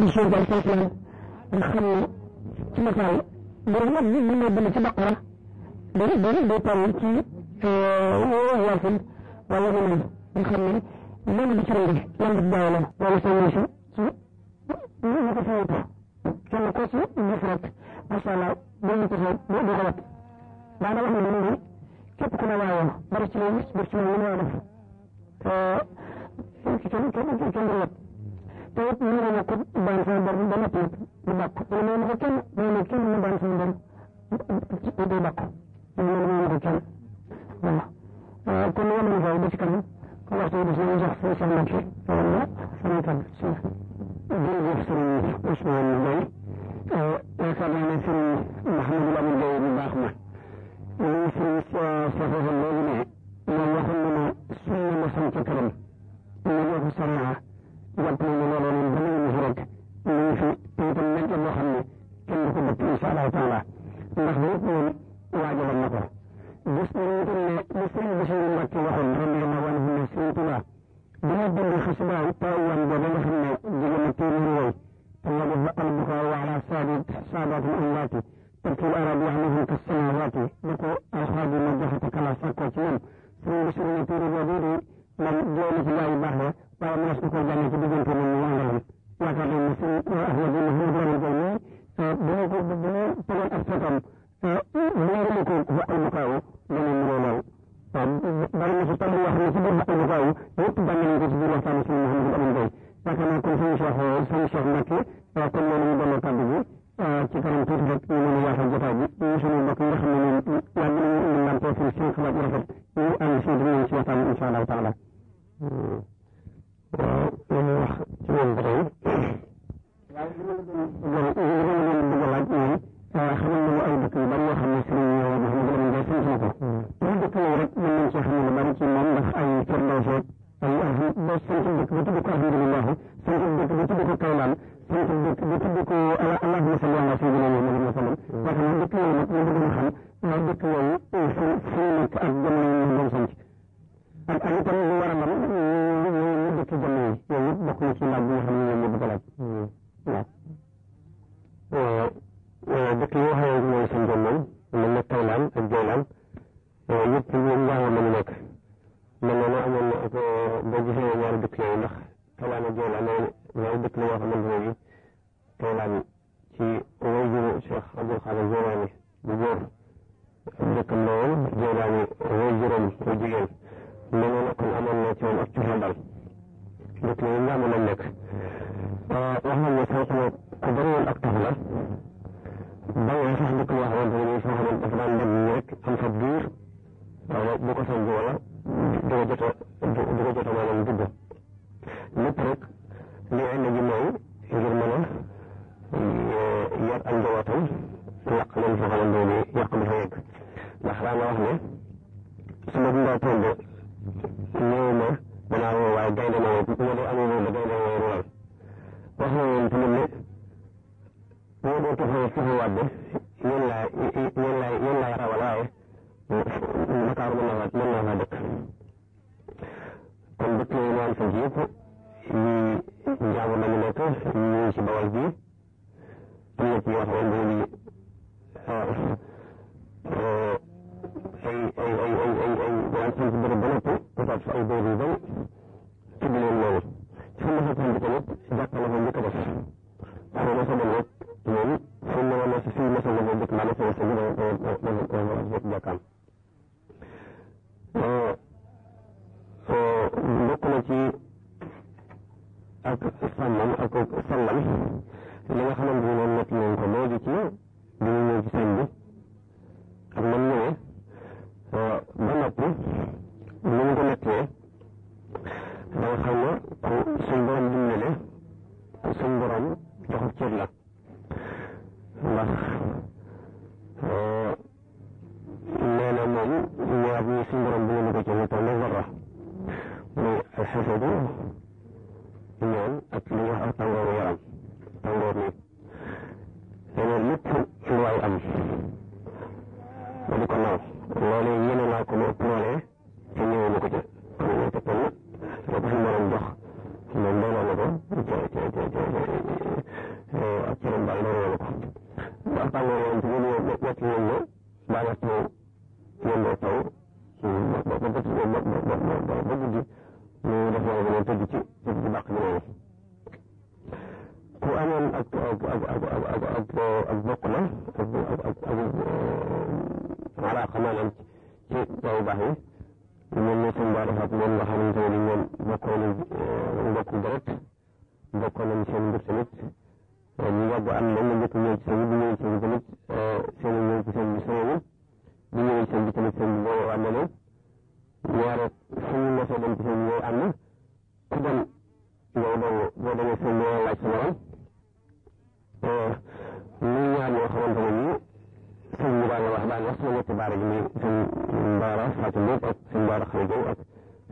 ñu siy jaay sant yàlla nga xam ne ci misaal borom am li ñu bind ci baqara day day day toll ci euh, yaasin wala yeneen nga xam ne lenn bi ci rëy bi lenn bi jaay la wala sa ñëw si ñu ñu ko fayatu kenn ko ci def rek macha allah dañu ko fay du du ko wat daanaka wax ne dañu képp ku ne waayoo bari ci lay gis bari ci lay li mu war a def te euh, kenn kenn kenn du wat Ayat ini menyakut bangsa baru banget ya. Dibak. Ilmu yang bukan, memiliki ini bangsa baru. Dibak. Ilmu yang bukan. Valla. Konuya mücadele çıkalım. Allah da bizi uzak ve sanmak. Valla. Sana tabi. Sana. Bir gösterimiz Osmanlı'dan. Ee, Yakadan Thank ينفع بضوء يسمى ربنا لك جنة المضرة والحسد moom moo tombaale ak moom nga xamante ne moom bokkoon nañ eh, mbokk deret bokkoon nañ seen mbir tamit eh, ñu yàgg am moom la njëkk ñëw ci seen bi ñëw ci seen tamit eh, seen ñëw ci seen bi seen bi ñëw ci seen bi tamit seen bi boo am na ñaare fu ñu mosoo dem ci seen bi am na ku dem yow doo boo demee seen bi laaj sa morom muy ñaar yoo xamante ne nii سيدان وهبان واسمن تبارك لي في مبارك فاتن بيتك في مبارك خرجوك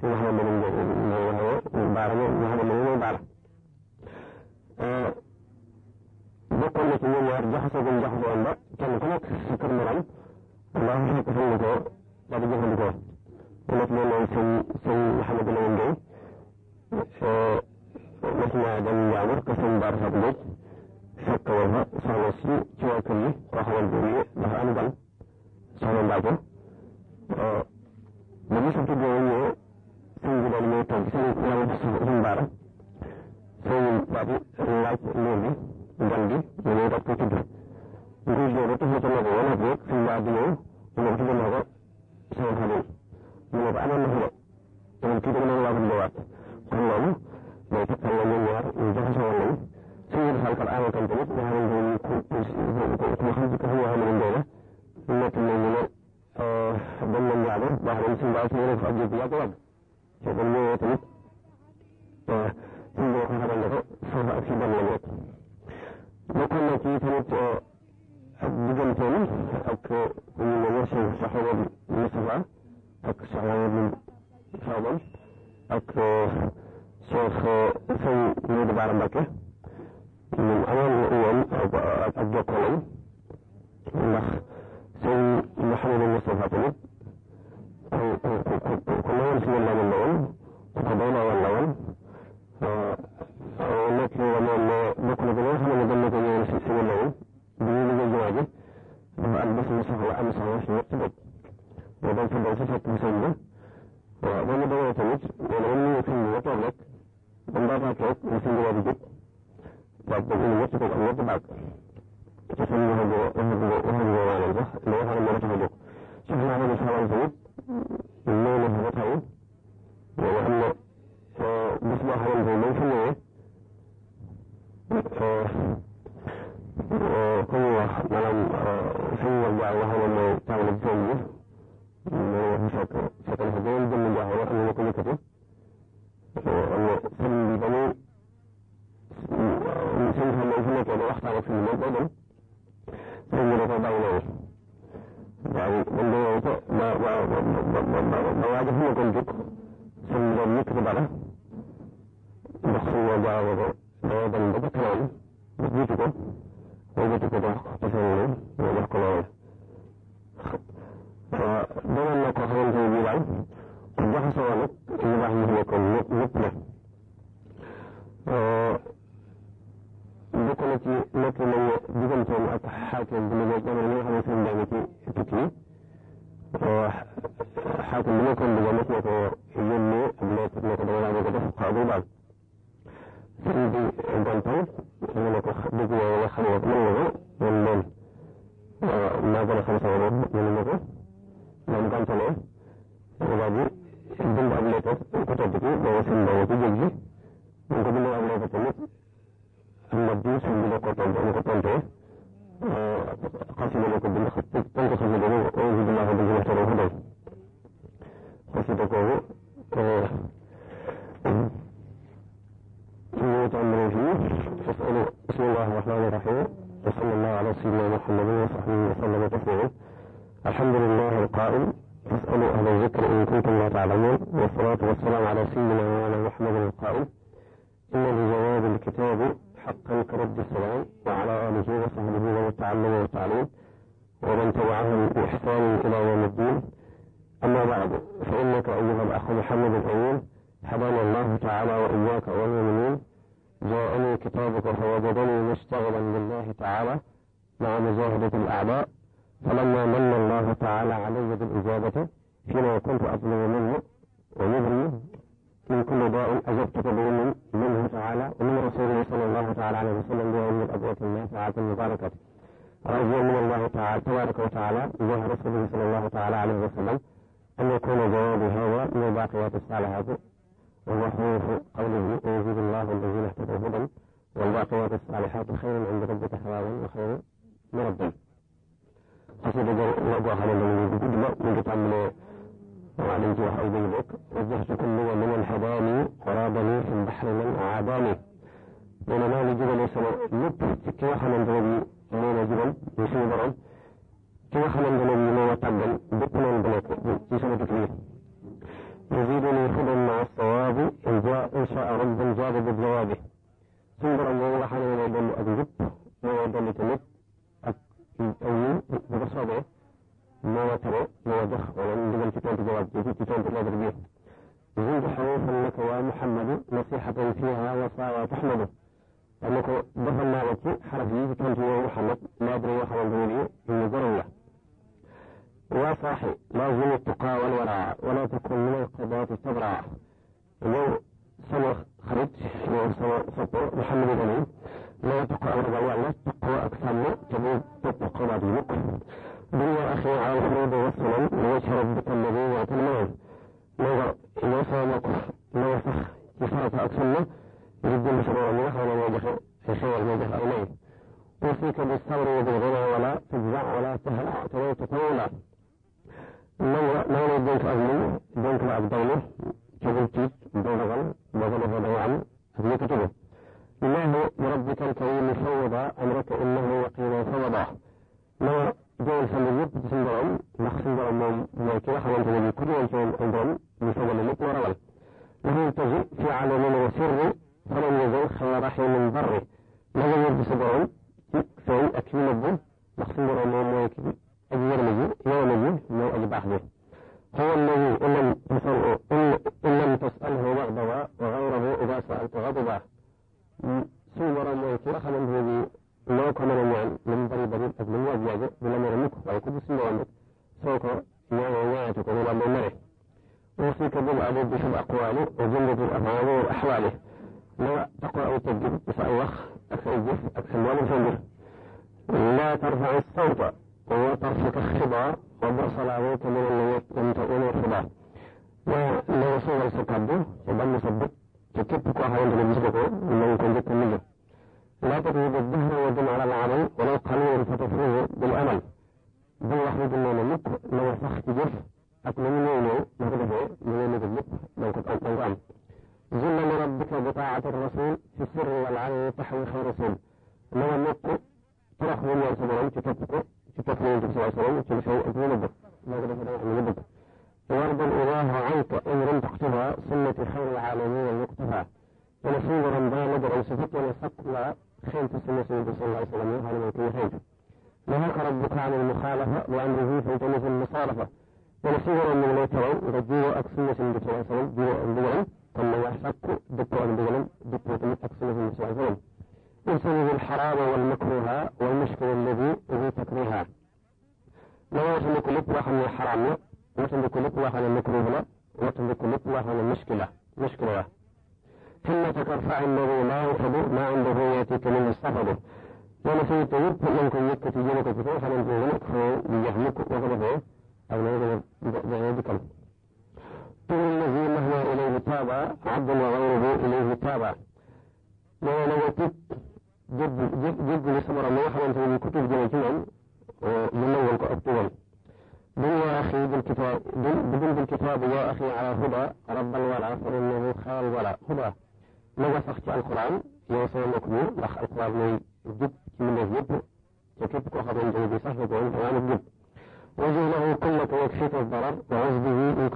في وهو من مبارك وهو من مبارك بقول لك إنه يرجح سجن جحف وأنبا كان كنك سكر مرم الله يحيك في المكوى لا بجهر المكوى ولك لنا سن سن محمد الأنبي مثل آدم يعمر كسن بارك فاتن بيتك fekk woon na soxna si ci waa kër yi koo xamante ni dafa am gan soxna Mbacke ba mu euh, sant boobu ñëwee sëñ bi daal ñëw toog sëñ Lamu Sëñ Baara sëñ Babu laaj nguur gi gan gi ñu ñëw daf koy tudd nguur gi ba tax na ca nekk wala boog sëñ Babu ñëw mu ne tudd na ko sëñ Xadim mu ne ko amoon na fi de kon kii dama leen waa ko dundee waat kon loolu day takkal la ñoom ñaar كما تنطلق فهو عندهم تخرجك هو هم عندنا لكن من ضمن بعضه بعض المسلم بعض من يخرج البياض وضع فضل يطلق ثم يخرج عنده صار في ضمن الوقت وكان في تنط بجمتين أو كمن يشهد صحوة Orang nak cek, mesti dia duduk. Waktu itu dia cukup dia temak. Itu semua juga, ini juga, ini juga walau lah. Lalu kalau dia duduk, semua ada sama itu. Lalu lebih tahu. Walau kalau مثل أهل الغلو في الوعي قوة ولم سوى الدعوة لما تعمل الجنة من شكل شكل هدول ضمن الدعوة أن يكون كتب أن فالبنو ومثلها المنزلة وما اختارت المنزلة ثم تضعونه يعني عندما مواجهه يقول لك ثم يكتب له بخصوة جاوبه Abuse مشتغلا لله تعالى مع مجاهدة الأعداء فلما من الله تعالى علي بالإجابة فيما كنت أطلب منه ويغني من كل داء أجبت به منه تعالى ومن رسوله صلى الله تعالى عليه وسلم من الأبوة النافعة المباركة رجاء من الله تعالى تبارك وتعالى جاه رسوله صلى الله تعالى عليه وسلم أن يكون جوابي هذا من الباقيات الصالحات وهو حروف قوله ويزيد الله الذين اهتدوا هدى والباقيات الصالحات خير عند ربك ثوابا وخير مردا قصد وضعها للذي بدمى من قطع من وعلى الجوح أو بيضك والزهد كل ومن الحضاني قرابني في البحر من أعاداني من مال جبل سنة لبت كيوحا من ذنبي من جبل يسوي برم كيوحا من ذنبي ما يتعبن بطنا البلد يسوي تكليل هذه نقطة وتملك مطلقا المكروه وتملك مطلقا المشكلة مشكلة همة كرفع الذي لا يفضل ما عنده يأتيك من السفر ونفي تيب منكم يكتجينك كتير فمن تغلق فيهلك وغلبه أو يغلب بيدكم طول الذي مهما إليه تابع عبد وغيره إليه تابع ونوتك جد جد جد لسمر الله وانتم كتب جنجيا ومنوّل كأبطوان دل يا أخي بالكتاب دل بالكتاب يا أخي على هدى رب الورى فإنه خير الورى هدى لو وثقت القرآن يا يوصل مكبور لخ القرآن موي جب من الجب تكب كوخة من جيب صحبة وانت وانا الجب وجه له كل يكفيك الضرر وعزبه إن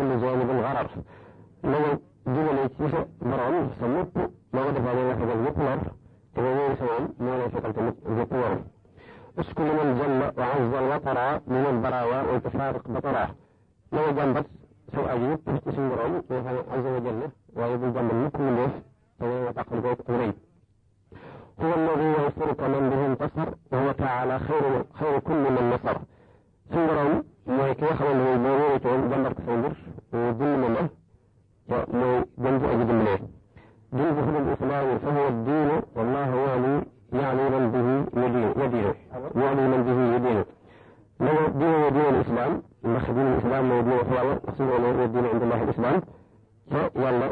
wallo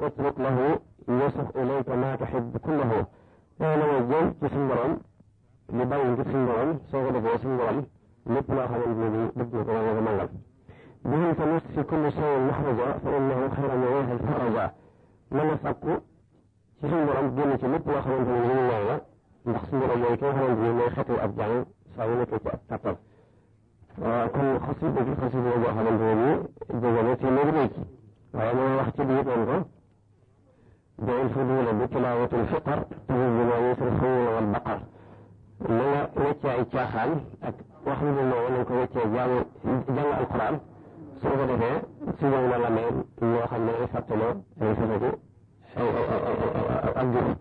اطلق له يصف إليك ما تحب كله قال وزن جسندرم لبين جسندرم صغر جسندرم مثل أخذ الذي بدي قرار مغل بهم تمس في كل شيء محرجة فإنه خير من مواه الفرجة من يفك جسندرم دينك مثل أخذ الذي الله نخسر إليك وهو الذي خطي أبدعين صغيرك تأتقل وكل خصيب في خصيب وضع هذا الذي بجوانيتي مدريك وعندما يختبئ عنده بالفضول بتلاوة الفطر تنزل ويسرخون والبقر إننا وجه إتشاخان وخذ الله أنك وجه جمع القرآن سوف دفع سيدنا الله الله خمنا يفتنا يفتنا أو أو أو أو أو أو أو أو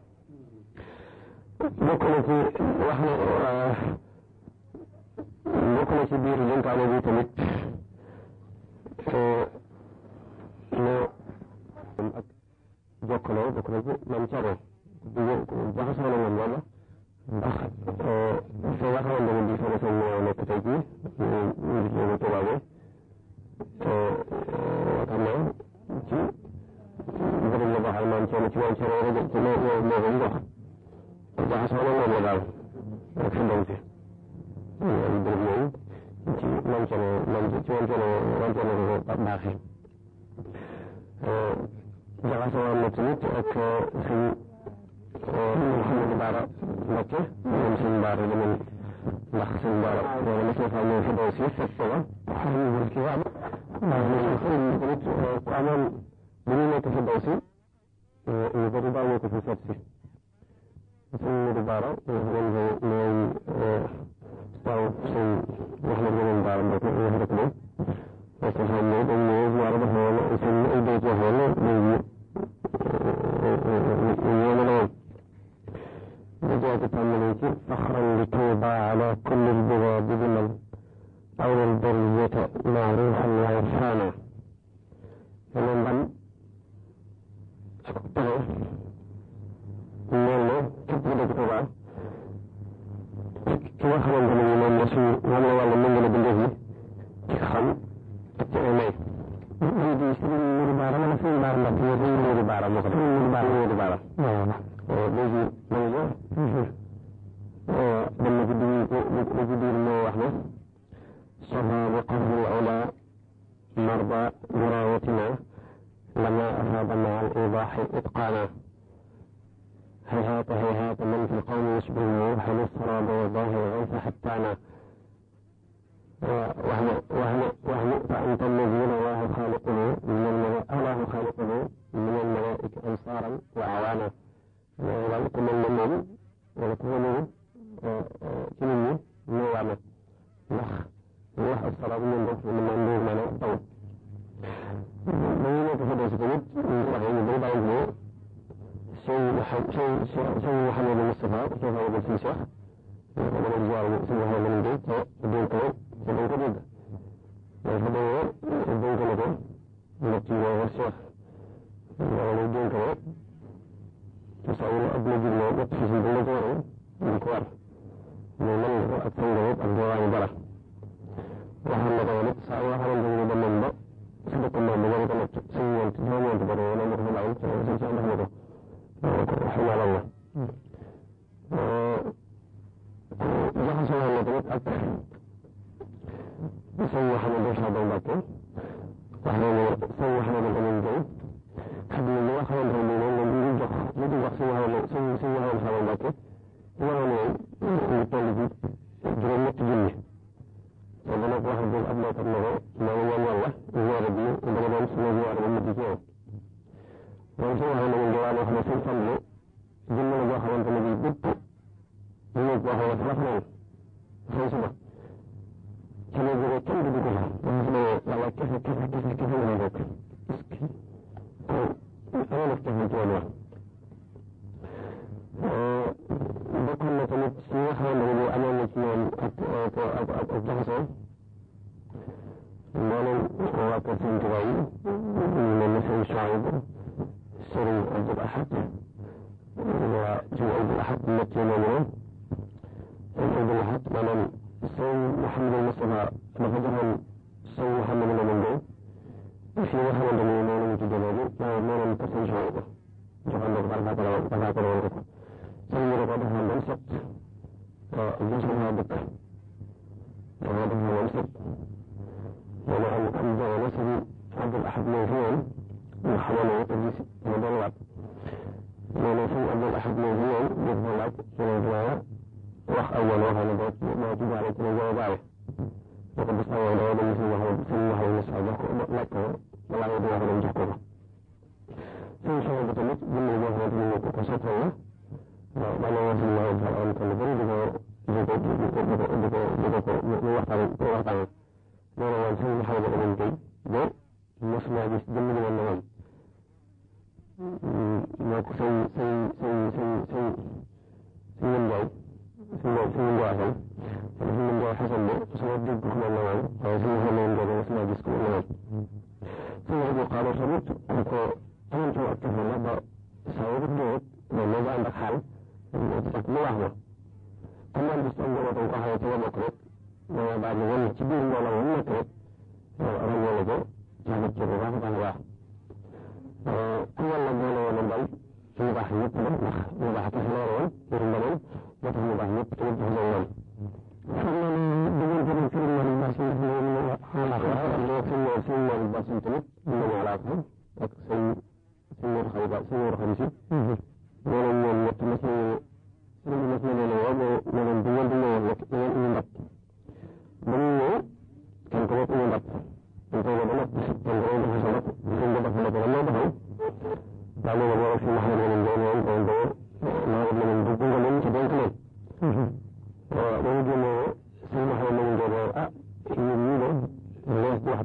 bokk na ci lëkkaloo bokk na ci man Thiago bu jaxasoo na woon wala ndax euh, soo nga xamante ne bii sama sëñ moo nekk tey jii መቼ ምንም ስንባር ለምን ለክስንባር ወለመስ ነው ፈውሲ ፈጥዋ ሐሪ ወልቂያ follow uh, uh Thank you. أبلغته was no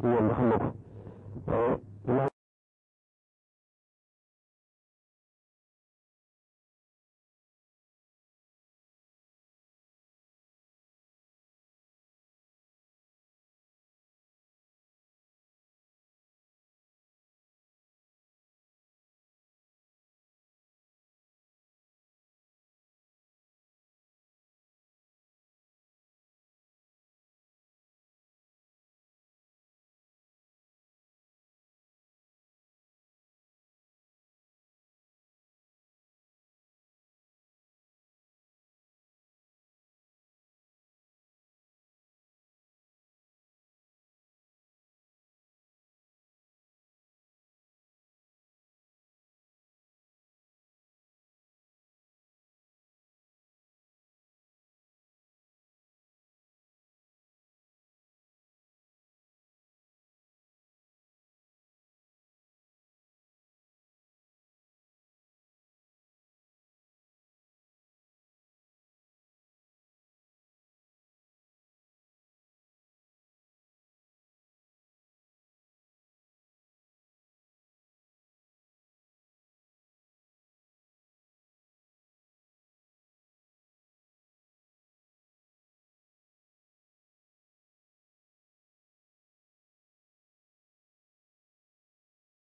هو المخلص أه؟